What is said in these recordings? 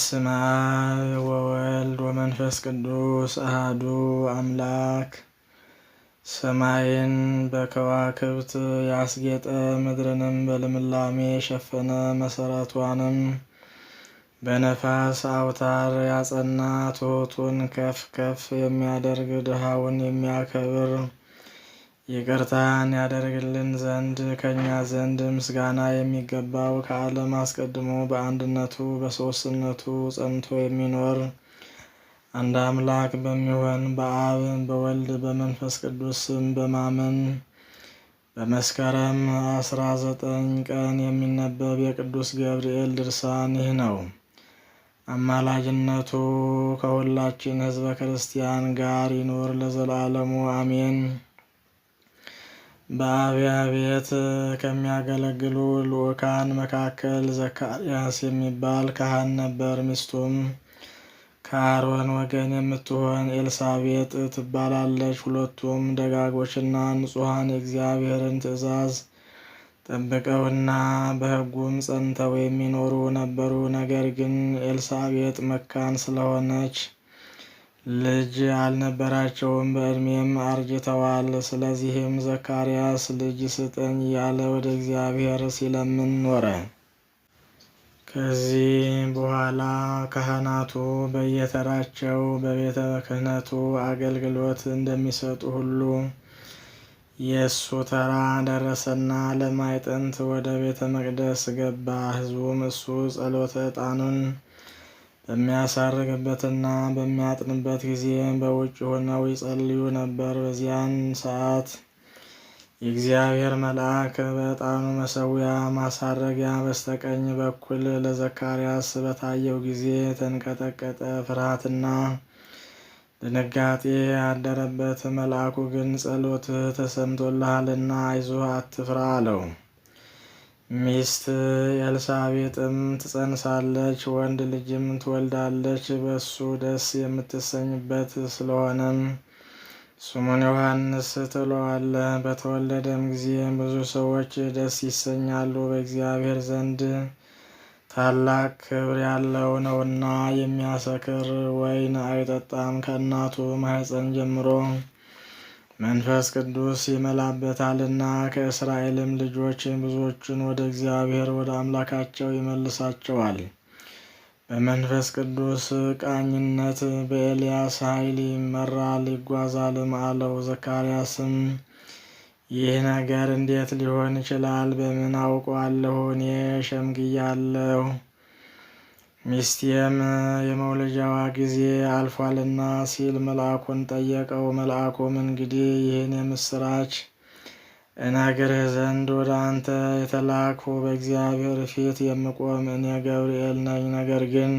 በስመ አብ ወወልድ ወመንፈስ ቅዱስ አሃዱ አምላክ። ሰማይን በከዋክብት ያስጌጠ ምድርንም በልምላሜ የሸፈነ መሰረቷንም በነፋስ አውታር ያጸና ትሑቱን ከፍ ከፍ የሚያደርግ ድሃውን የሚያከብር ይቅርታን ያደርግልን ዘንድ ከእኛ ዘንድ ምስጋና የሚገባው ከዓለም አስቀድሞ በአንድነቱ በሦስትነቱ ጸንቶ የሚኖር አንድ አምላክ በሚሆን በአብ በወልድ በመንፈስ ቅዱስ ስም በማመን በመስከረም አስራ ዘጠኝ ቀን የሚነበብ የቅዱስ ገብርኤል ድርሳን ይህ ነው። አማላጅነቱ ከሁላችን ሕዝበ ክርስቲያን ጋር ይኖር ለዘላለሙ አሜን። በአብያ ቤት ከሚያገለግሉ ልዑካን መካከል ዘካርያስ የሚባል ካህን ነበር። ሚስቱም ከአሮን ወገን የምትሆን ኤልሳቤጥ ትባላለች። ሁለቱም ደጋጎችና ንጹሐን የእግዚአብሔርን ትእዛዝ ጠብቀውና በሕጉም ጸንተው የሚኖሩ ነበሩ። ነገር ግን ኤልሳቤጥ መካን ስለሆነች ልጅ አልነበራቸውም፣ በእድሜም አርጅተዋል። ስለዚህም ዘካርያስ ልጅ ስጠኝ እያለ ወደ እግዚአብሔር ሲለምን ኖረ። ከዚህ በኋላ ካህናቱ በየተራቸው በቤተ ክህነቱ አገልግሎት እንደሚሰጡ ሁሉ የእሱ ተራ ደረሰና ለማይጠንት ወደ ቤተ መቅደስ ገባ። ሕዝቡም እሱ ጸሎተ ዕጣኑን በሚያሳርግበትና በሚያጥንበት ጊዜ በውጭ ሆነው ይጸልዩ ነበር። በዚያን ሰዓት የእግዚአብሔር መልአክ በዕጣኑ መሰዊያ ማሳረጊያ በስተቀኝ በኩል ለዘካርያስ በታየው ጊዜ ተንቀጠቀጠ፣ ፍርሃትና ድንጋጤ ያደረበት። መልአኩ ግን ጸሎትህ ተሰምቶልሃልና አይዞህ አትፍራ አለው። ሚስት ኤልሳቤጥም ትጸንሳለች፣ ወንድ ልጅም ትወልዳለች። በሱ ደስ የምትሰኝበት ስለሆነም ስሙን ዮሐንስ ትለዋለህ። በተወለደም ጊዜ ብዙ ሰዎች ደስ ይሰኛሉ፣ በእግዚአብሔር ዘንድ ታላቅ ክብር ያለው ነውና። የሚያሰክር ወይን አይጠጣም ከእናቱ ማኅፀን ጀምሮ መንፈስ ቅዱስ ይመላበታልና ከእስራኤልም ልጆች ብዙዎቹን ወደ እግዚአብሔር ወደ አምላካቸው ይመልሳቸዋል። በመንፈስ ቅዱስ ቃኝነት በኤልያስ ኃይል ይመራል ይጓዛልም አለው። ዘካርያስም ይህ ነገር እንዴት ሊሆን ይችላል? በምን አውቀዋለሁ? እኔ ሸምግያለሁ ሚስቴም የመውለጃዋ ጊዜ አልፏልና ሲል መልአኩን ጠየቀው። መልአኩም እንግዲህ ይህን የምስራች እነግርህ ዘንድ ወደ አንተ የተላኩ በእግዚአብሔር ፊት የምቆም እኔ ገብርኤል ነኝ። ነገር ግን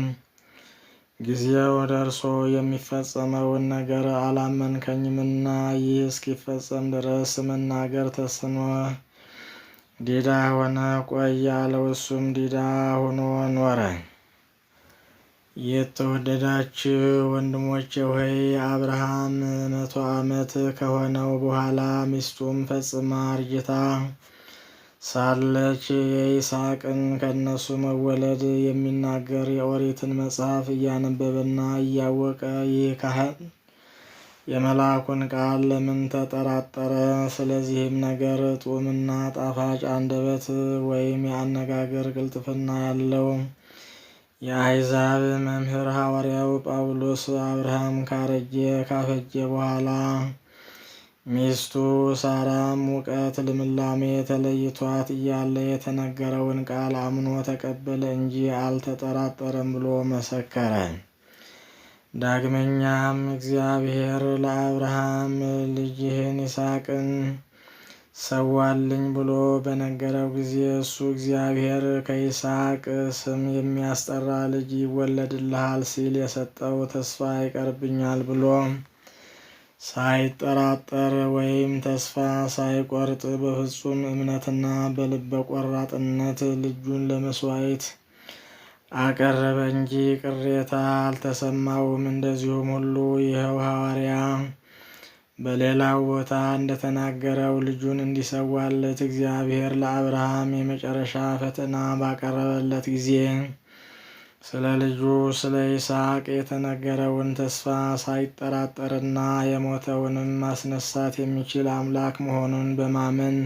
ጊዜው ደርሶ የሚፈጸመውን ነገር አላመንከኝምና ይህ እስኪፈጸም ድረስ መናገር ተስኖ ዲዳ ሆነ ቆየ አለው። እሱም ዲዳ ሆኖ ኖረ። የተወደዳችሁ ወንድሞቼ ሆይ አብርሃም መቶ ዓመት ከሆነው በኋላ ሚስቱም ፈጽማ አርጅታ ሳለች የይስሐቅን ከእነሱ መወለድ የሚናገር የኦሪትን መጽሐፍ እያነበበና እያወቀ ይህ ካህን የመልአኩን ቃል ለምን ተጠራጠረ? ስለዚህም ነገር ጡምና ጣፋጭ አንደበት ወይም የአነጋገር ቅልጥፍና ያለው የአሕዛብ መምህር ሐዋርያው ጳውሎስ አብርሃም ካረጀ ካፈጀ በኋላ ሚስቱ ሳራም ሙቀት ልምላሜ ተለይቷት እያለ የተነገረውን ቃል አምኖ ተቀበለ እንጂ አልተጠራጠረም ብሎ መሰከረ። ዳግመኛም እግዚአብሔር ለአብርሃም ልጅህን ይስሐቅን ሰዋልኝ ብሎ በነገረው ጊዜ እሱ እግዚአብሔር ከይስሐቅ ስም የሚያስጠራ ልጅ ይወለድልሃል ሲል የሰጠው ተስፋ ይቀርብኛል ብሎ ሳይጠራጠር ወይም ተስፋ ሳይቆርጥ በፍጹም እምነትና በልበ ቆራጥነት ልጁን ለመስዋዕት አቀረበ እንጂ ቅሬታ አልተሰማውም። እንደዚሁም ሁሉ ይኸው ሐዋርያ በሌላው ቦታ እንደተናገረው ልጁን እንዲሰዋለት እግዚአብሔር ለአብርሃም የመጨረሻ ፈተና ባቀረበለት ጊዜ ስለ ልጁ ስለ ይስሐቅ የተነገረውን ተስፋ ሳይጠራጠርና የሞተውንም ማስነሳት የሚችል አምላክ መሆኑን በማመን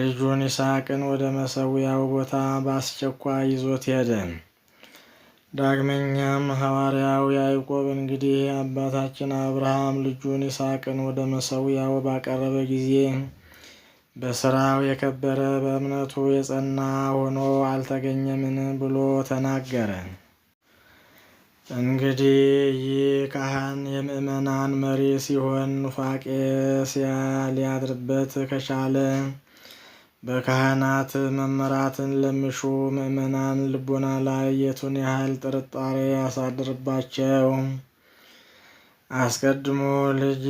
ልጁን ይስሐቅን ወደ መሰዊያው ቦታ በአስቸኳይ ይዞት ሄደ። ዳግመኛም ሐዋርያው ያዕቆብ እንግዲህ አባታችን አብርሃም ልጁን ይስሐቅን ወደ መሰዊያው ባቀረበ ጊዜ በስራው የከበረ በእምነቱ የጸና ሆኖ አልተገኘምን ብሎ ተናገረ። እንግዲህ ይህ ካህን የምእመናን መሪ ሲሆን ኑፋቄ ሊያድርበት ከቻለ በካህናት መመራትን ለሚሹ ምእመናን ልቦና ላይ የቱን ያህል ጥርጣሬ ያሳድርባቸው። አስቀድሞ ልጅ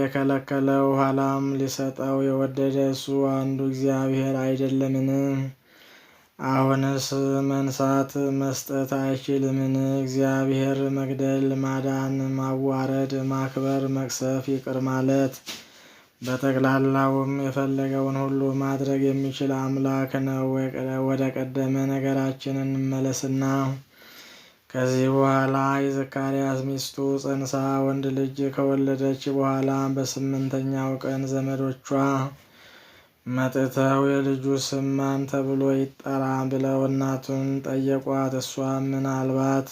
የከለከለው ኋላም ሊሰጠው የወደደ እሱ አንዱ እግዚአብሔር አይደለምን? አሁንስ መንሳት መስጠት አይችልምን? እግዚአብሔር መግደል፣ ማዳን፣ ማዋረድ፣ ማክበር፣ መቅሰፍ፣ ይቅር ማለት በጠቅላላውም የፈለገውን ሁሉ ማድረግ የሚችል አምላክ ነው። ወደ ቀደመ ነገራችን እንመለስና ከዚህ በኋላ የዘካርያስ ሚስቱ ጸንሳ ወንድ ልጅ ከወለደች በኋላ በስምንተኛው ቀን ዘመዶቿ መጥተው የልጁ ስም ማን ተብሎ ይጠራ ብለው እናቱን ጠየቋት። እሷ ምናልባት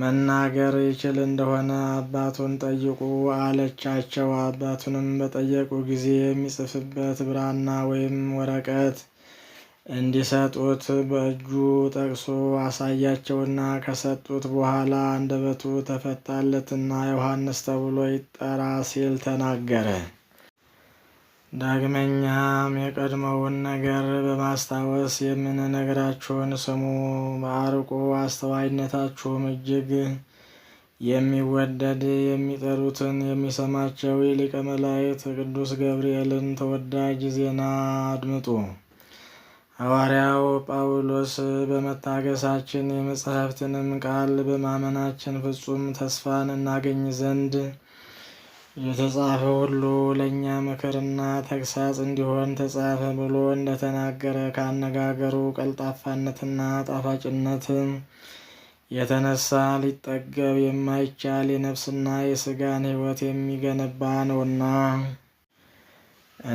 መናገር ይችል እንደሆነ አባቱን ጠይቁ አለቻቸው። አባቱንም በጠየቁ ጊዜ የሚጽፍበት ብራና ወይም ወረቀት እንዲሰጡት በእጁ ጠቅሶ አሳያቸውና ከሰጡት በኋላ አንደበቱ ተፈታለትና ዮሐንስ ተብሎ ይጠራ ሲል ተናገረ። ዳግመኛም የቀድሞውን ነገር በማስታወስ የምንነግራችሁን ስሙ። በአርቆ አስተዋይነታችሁም እጅግ የሚወደድ የሚጠሩትን የሚሰማቸው የሊቀ መላእክት ቅዱስ ገብርኤልን ተወዳጅ ዜና አድምጡ። ሐዋርያው ጳውሎስ በመታገሳችን የመጽሐፍትንም ቃል በማመናችን ፍጹም ተስፋን እናገኝ ዘንድ የተጻፈ ሁሉ ለእኛ ምክርና ተግሳጽ እንዲሆን ተጻፈ ብሎ እንደተናገረ ከአነጋገሩ ቀልጣፋነትና ጣፋጭነት የተነሳ ሊጠገብ የማይቻል የነፍስና የስጋን ሕይወት የሚገነባ ነውና።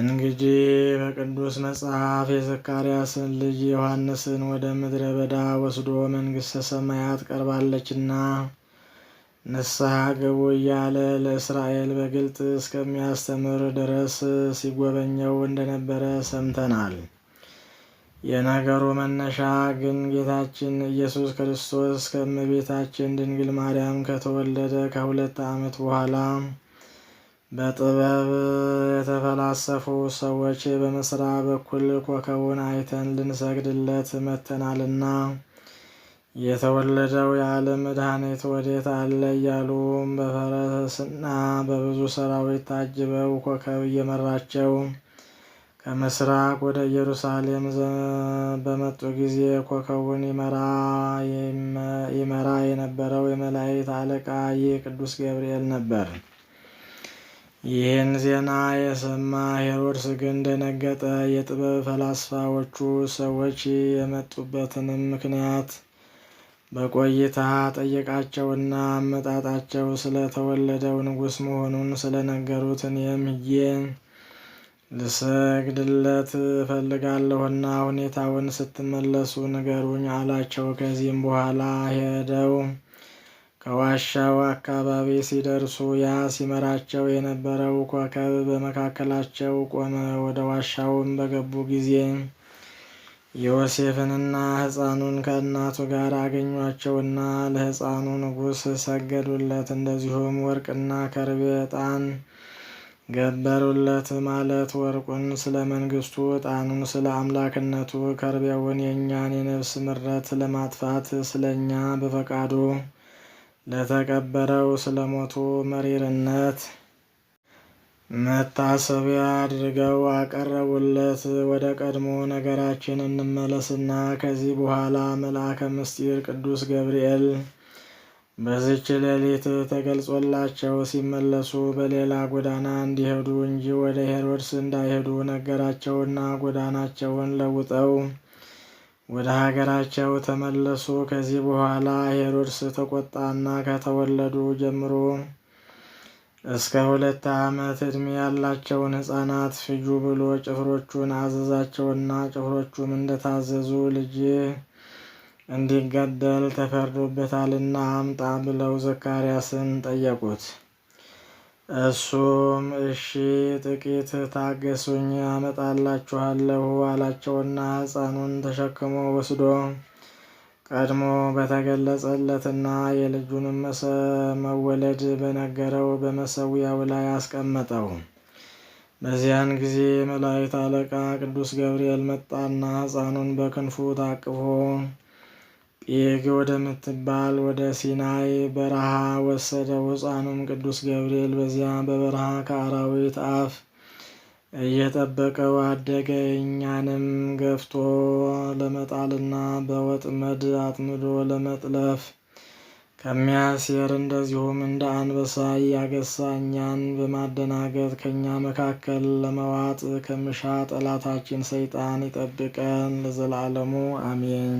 እንግዲህ በቅዱስ መጽሐፍ የዘካርያስን ልጅ ዮሐንስን ወደ ምድረ በዳ ወስዶ መንግሥተ ሰማያት ቀርባለችና ንስሐ ግቡ እያለ ለእስራኤል በግልጥ እስከሚያስተምር ድረስ ሲጎበኘው እንደነበረ ሰምተናል። የነገሩ መነሻ ግን ጌታችን ኢየሱስ ክርስቶስ ከእመቤታችን ድንግል ማርያም ከተወለደ ከሁለት ዓመት በኋላ በጥበብ የተፈላሰፉ ሰዎች በመስራ በኩል ኮከቡን አይተን ልንሰግድለት መጥተናልና የተወለደው የዓለም መድኃኒት ወዴት አለ እያሉም በፈረስና በብዙ ሰራዊት ታጅበው ኮከብ እየመራቸው ከምስራቅ ወደ ኢየሩሳሌም በመጡ ጊዜ ኮከቡን ይመራ የነበረው የመላእክት አለቃ ይህ ቅዱስ ገብርኤል ነበር። ይህን ዜና የሰማ ሄሮድስ ግን ደነገጠ። የጥበብ ፈላስፋዎቹ ሰዎች የመጡበትንም ምክንያት በቆይታ ጠየቃቸውና አመጣጣቸው ስለተወለደው ንጉስ ንጉሥ መሆኑን ስለነገሩት እኔም ዬ ልሰግድለት እፈልጋለሁና ሁኔታውን ስትመለሱ ንገሩኝ አላቸው። ከዚህም በኋላ ሄደው ከዋሻው አካባቢ ሲደርሱ ያ ሲመራቸው የነበረው ኮከብ በመካከላቸው ቆመ። ወደ ዋሻውም በገቡ ጊዜ ዮሴፍንና ሕፃኑን ከእናቱ ጋር አገኟቸውና ለሕፃኑ ንጉሥ ሰገዱለት። እንደዚሁም ወርቅና ከርቤ ዕጣን ገበሩለት። ማለት ወርቁን ስለ መንግስቱ፣ ዕጣኑን ስለ አምላክነቱ፣ ከርቤውን የእኛን የነፍስ ምረት ለማጥፋት ስለ እኛ በፈቃዱ ለተቀበረው ስለ ሞቱ መሪርነት መታሰቢያ አድርገው አቀረቡለት። ወደ ቀድሞ ነገራችን እንመለስና ከዚህ በኋላ መልአከ ምስጢር ቅዱስ ገብርኤል በዝች ሌሊት ተገልጾላቸው ሲመለሱ በሌላ ጎዳና እንዲሄዱ እንጂ ወደ ሄሮድስ እንዳይሄዱ ነገራቸውና ጎዳናቸውን ለውጠው ወደ ሀገራቸው ተመለሱ። ከዚህ በኋላ ሄሮድስ ተቆጣና ከተወለዱ ጀምሮ እስከ ሁለት ዓመት ዕድሜ ያላቸውን ሕፃናት ፍጁ ብሎ ጭፍሮቹን አዘዛቸውና ጭፍሮቹም እንደታዘዙ ልጅ እንዲገደል ተፈርዶበታልና አምጣ ብለው ዘካርያስን ጠየቁት። እሱም እሺ ጥቂት ታገሱኝ አመጣላችኋለሁ አላቸውና ሕፃኑን ተሸክሞ ወስዶ ቀድሞ በተገለጸለትና የልጁንም መወለድ በነገረው በመሰዊያው ላይ አስቀመጠው። በዚያን ጊዜ መላይት አለቃ ቅዱስ ገብርኤል መጣና ሕፃኑን በክንፉ ታቅፎ ጴግ ወደምትባል ወደ ሲናይ በረሃ ወሰደው። ሕፃኑም ቅዱስ ገብርኤል በዚያ በበረሃ ከአራዊት አፍ እየጠበቀው አደገ። እኛንም ገፍቶ ለመጣልና በወጥመድ አጥምዶ ለመጥለፍ ከሚያሴር እንደዚሁም እንደ አንበሳ እያገሳ እኛን በማደናገጥ ከእኛ መካከል ለመዋጥ ከምሻ ጠላታችን ሰይጣን ይጠብቀን ለዘላለሙ አሜን።